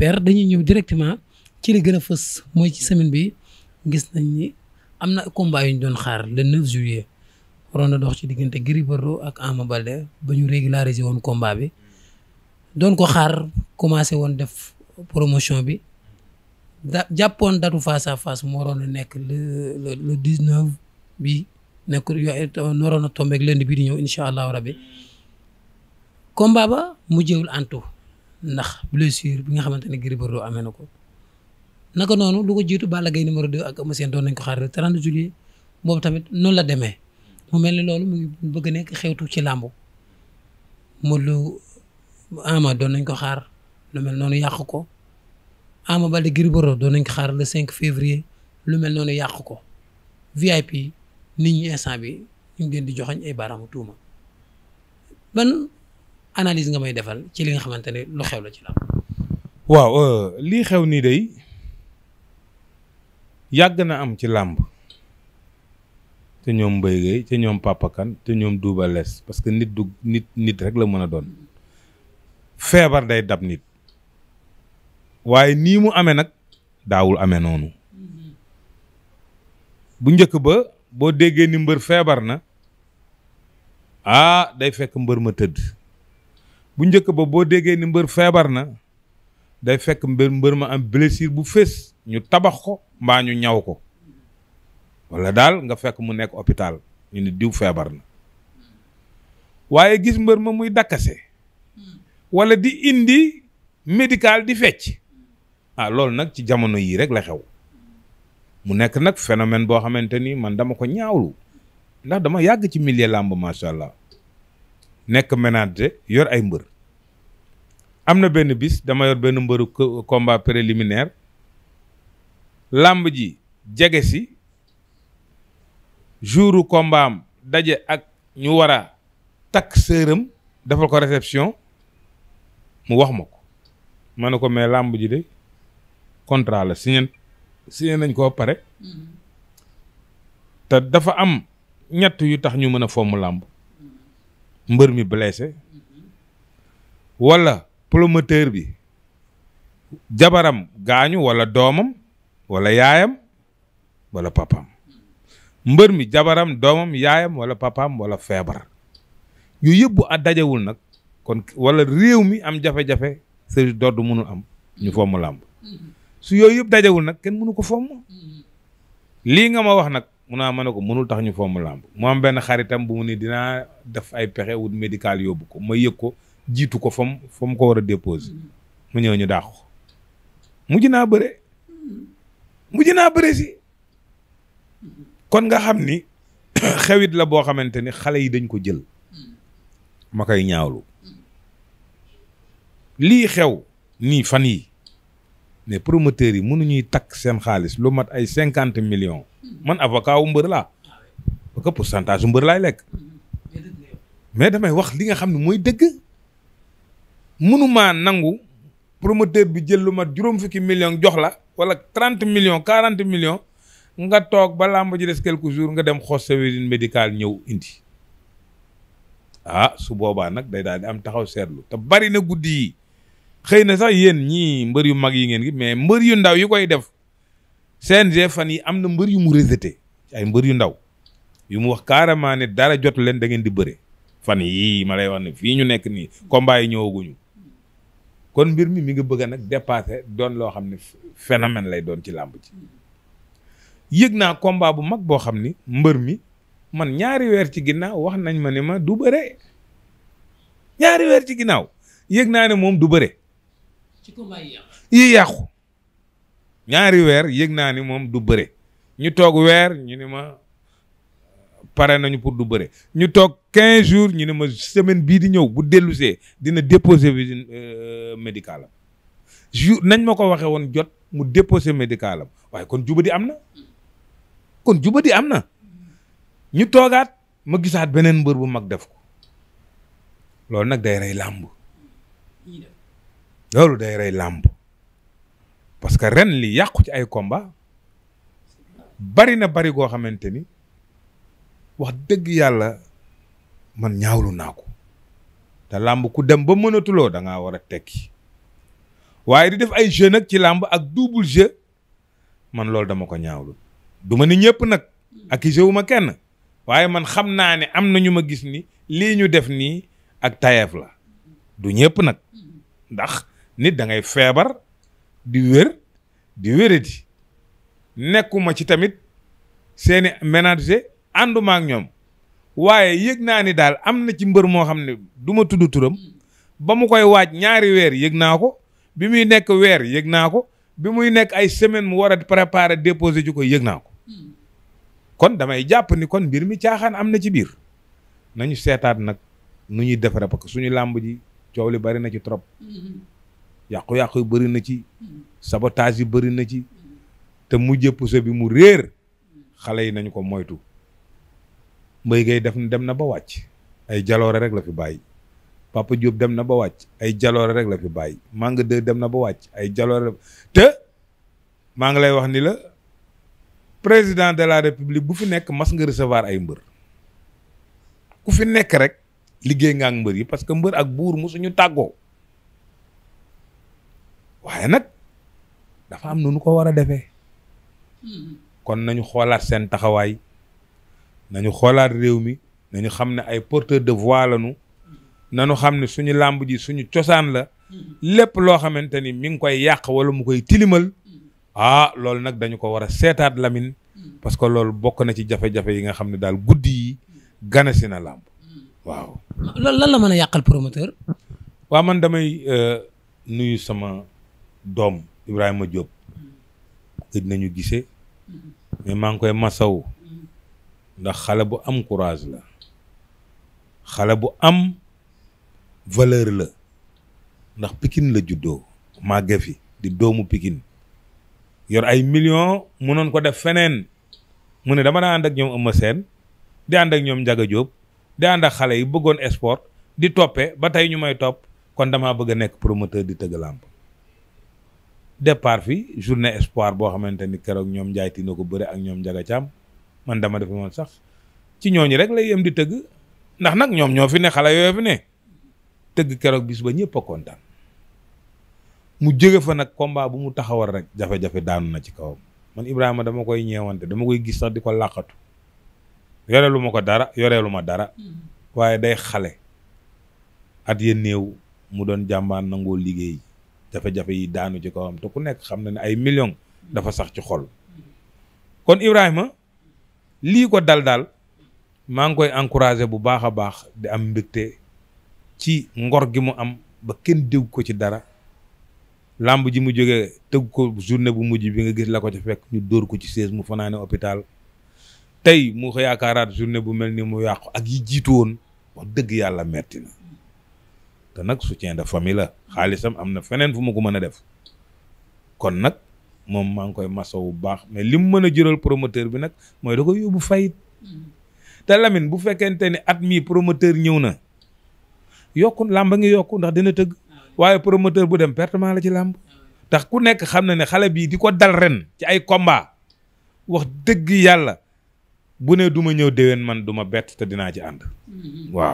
père dañuy ñëw directement ci li gën a fës mooy ci semaine bi gis nañ ni am na combat yu doon xaar le 9 juillet waroon na dox ci diggante Gris Bordeaux ak Ama Baldé ba ñu régulariser woon combat bi doon ko xaar commencé woon def promotion bi da jàppoon datu face à face mu waroon nekk le le le 19 bi nekkul yoo waroon a tombeeg lundi bi di ñëw incha allahu rabbi combat mu jéewul antu ndax blessure bi nga xamante ne Gris Bordeaux amee na ko naka noonu lu ko jiitu Balla Gaye numéro 2 ak Eumeu doon nañ ko xaar le 30 juillet tamit noonu la demee mu mel ni loolu ngi bëgg nekk xewtu ci làmbu Modou doon nañ ko xaar lu mel noonu yàq ko Ama Baldé Gris Bordeaux doon nañ ko xaar le 5 lu mel noonu yàq ko VIP nit ñi instant bi ñu ngi di joxañ ay baaraamu tuuma analyse nga may defal ci li nga xamante ne lu xew la ci la waaw euh, lii xew nii day yàgg na am ci làmb te ñoom mbay Gueye te ñoom Papa te ñoom Double Less parce que nit du nit nit rek la mën a doon feebar day dab nit waaye nii mu amee nag daawul ame noonu bu njëkk ba boo déggee ni mbër feebar na ah day fekk mbër ma tëdd bu njëkk ba boo déggee ni mbër feebar na day fekk mbër mbër ma am blessure bu fés ñu tabax ko mbaa ñu ñaw ko wala daal nga fekk mu nekk hôpital ñu ne diw feebar na waaye gis mbër ma muy dakkase wala di indi médical di fecc ah loolu nag ci jamono yii rek la xew mu nekk nag phénomène boo xamante ni man dama ko ñaawlu ndax dama yàgg ci millier làmb macha allah nekk ménager yor ay mbër am na benn bis dama yor benn mbëru combat préliminaire làmb ji jege si jouru combat daje ak ñu war a takk sëram defal ko réception mu wax ma ko ma ne ko mais làmb ji de contrat la signé signé nañ koo pare mm-hmm. te dafa am ñett yu tax ñu mën a fomm làmb mbër mi blessé walla promoteur bi jabaram gaañu walla doomam walla yaayam walla papaam mbër mi jabaram doomam yaayam wala papaam wala feebar yooyu yëpp bu dajewul nag kon wala réew mi am jafe-jafe service d'ordre mënul am ñu fomm làmb su yooyu yëpp dajewul nag kenn mënu ko fomm lii nga ma wax nag mun naa ma ne ko mënul tax ñu fomm làmb mu am benn xaritam bu mu ne dinaa def ay pexe wut médical yóbbu ko ma yëg ko jiitu ko fam fa mu ko war a déposé mu ñëw ñu dàq ko mujj naa bëre mujj naa bëre si kon nga xam ni xew xewit la boo xamante ni xale yi dañ ko jël ma koy ñaawlu lii xew nii fan yi mais promoteurs yi ñuy takk seen xaalis lu mat ay cinquante millions man avocat wu mbër laa parce que pourcentage u mbër laay lekk mais damay wax li nga xam ne mooy dëgg mënumaa nangu promoteur bi jël lu mat juróom fukki million jox la wala trente million quarante million nga toog ba làmb ji des quelques jours nga dem xoos sa médical ñëw indi ah su boobaa nag day daal di am taxaw seetlu te bari na guddi yi xëy na sax yéen ñii mbër yu mag yi ngeen gi mais mbër yu ndaw yu koy def CNG fan yi am na mbër yu mu rejeté ay mbër yu ndaw yu mu wax carrément ne dara jotu leen da ngeen di bëre fan yii ma lay wax ne fii ñu nekk nii combat yi ñëwaguñu kon mbir mi mi ngi bëgg nag dépassé doon loo xam ne phénomène lay doon ci làmb ci yëg naa combat bu mag boo xam ni mbër mi man ñaari weer ci ginnaaw wax nañ ma ni ma du bëre ñaari weer ci ginnaaw yëg naa ne moom du bëre yi yàqu ñaari weer yëg naa ni moom du bëre ñu toog weer ñu ni ma pare nañu pour du bëre ñu toog quinze jours ñu ne ma semaine bii di ñëw bu dellusee dina déposer visite euh, médicale am nañ ma ko waxee woon jot mu déposer médical waaye kon jubadi am na kon jubadi am na ñu toogaat ma gisaat beneen mbër bu mag def ko loolu nag day rey làmb loolu day rey làmb parce que ren li yàqu ci ay komba bari na bari goo xamante ni wax dëgg yàlla man ñaawlu naa ko te làmb ku dem ba mënatuloo danga ngaa war a tekki waaye di def ay jeu nag ci làmb ak double jeu man loolu dama ko ñaawlu du ma ni ñëpp nag ak i jeu wu ma kenn waaye man xam naa ni am na ñu ma gis ni lii ñu def nii ak tayeef la du ñëpp nag ndax nit dangay feebar di wér di wéradi nekkuma ci tamit seeni menager ànduma ak ñoom waaye yëg naa ni daal am na ci mbër moo xam ne duma tudd turam ba mu koy waaj ñaari weer yëg naa ko bi muy nekk weer yëg naa ko bi muy nekk ay semaine mu war a préparer déposer ji ko yëg naa ko kon damay jàpp ni kon mbir mi caaxaan am na ci biir nañu seetaat nag nu ñuy defaree parce que suñu làmb ji coow li bari na ci trop. yàqu-yàqu yi bëri na ci sabotage yi bëri na ci te mujjee puso bi mu réer xale yi nañu ko moytu mbay gay def dem na ba wàcc ay jaloore rek la fi bàyyi Papa Diop dem na ba wàcc ay jaloore rek la fi bàyyi Manga de dem na ba wàcc ay jaloore te maa ngi lay wax ni la président de la république bu fi nekk mas nga recevoir ay mbër ku fi nekk rek liggéey nga ak mbër yi parce que mbër ak buur musuñu tàggoo waaye nag dafa am nu nu ko war a defee kon nañu xoolaat seen taxawaay nañu xoolaat réew mi nañu xam ne ay porteur de voix na nu xam ne suñu làmb ji suñu cosaan la lépp loo xamante ni mi ngi koy yàq wala mu koy tilimal ah loolu nag dañu ko war a seetaat Lamine parce que loolu bokk na ci jafe-jafe yi nga xam ne daal guddi yi ganasi na làmb waaw. lan la mën a yàqal promoteur. waaw man damay euh, nuyu sama doom Ibrahima Diop gëj nañu gisee mais maa ngi koy masawu ndax xale bu am courage la xale bu am valeur la ndax Pikine la juddoo màgge fi di doomu pikin yor ay millions mënoon ko def feneen mu ne dama daa ànd ak ñoom Eumeu seen di ànd ak ñoom Ndiaga Diop di ànd xale yi bëggoon sport di toppe ba tey ñu may topp kon damaa bëgg a nekk promoteur di tëgg làmb depart fi journée espoir boo xamante ni keroog ñoom Ndiaye Tine ko bëre ak ñoom Ndiaga Thiam man dama defe moon sax ci ñooñu rek lay yem di tëgg ndax nag ñoom ñoo fi ne xale yooyu fi ne tëgg keroog bis ba ñëpp a kontaan mu jóge fa nag combat bu mu taxawal rek jafe-jafe daanu na ci kawam man Ibrahima dama koy ñeewante dama koy gis sax di ko làqatu yoreelu ma ko dara yoreelu ma dara mm. waaye day xale at ya néew mu doon jàmbaar nangoo liggéey jafe-jafe yi daanu ci kawam te ku nekk xam na ne ay million dafa sax ci xol kon Ibrahima lii ko dal daal maa ngi koy encouragé bu baax a baax di am mbégte ci ngor gi mu am ba kenn dégg ko ci dara làmb ji mu jógee tëgg ko journée bu mujj bi nga gis la ko ci fekk ñu dóor ko ci sées mu fanaane hôpital tey mu yaakaaraat journée bu mel ni mu yàqu ak yi jiitu woon wax dëgg yàlla metti na te nag soutien de famille la xaalisam am na feneen fu ma ko mën a def kon nag moom maa ngi koy masawu baax mais li mu mën a jural promoteur bi nag mooy da ko yóbbu fay te Lamine bu fekkente ni at mii promoteur ñëw na yokku làmb ngi yokku ndax dina tëgg waaye promoteur bu dem pertement la ci làmb ndax ku nekk xam na ne xale bii di ko dal ren ci ay combat wax dëgg yàlla bu ne duma ñëw déwén man du ma bett te dinaa ci ànd mm-hmm.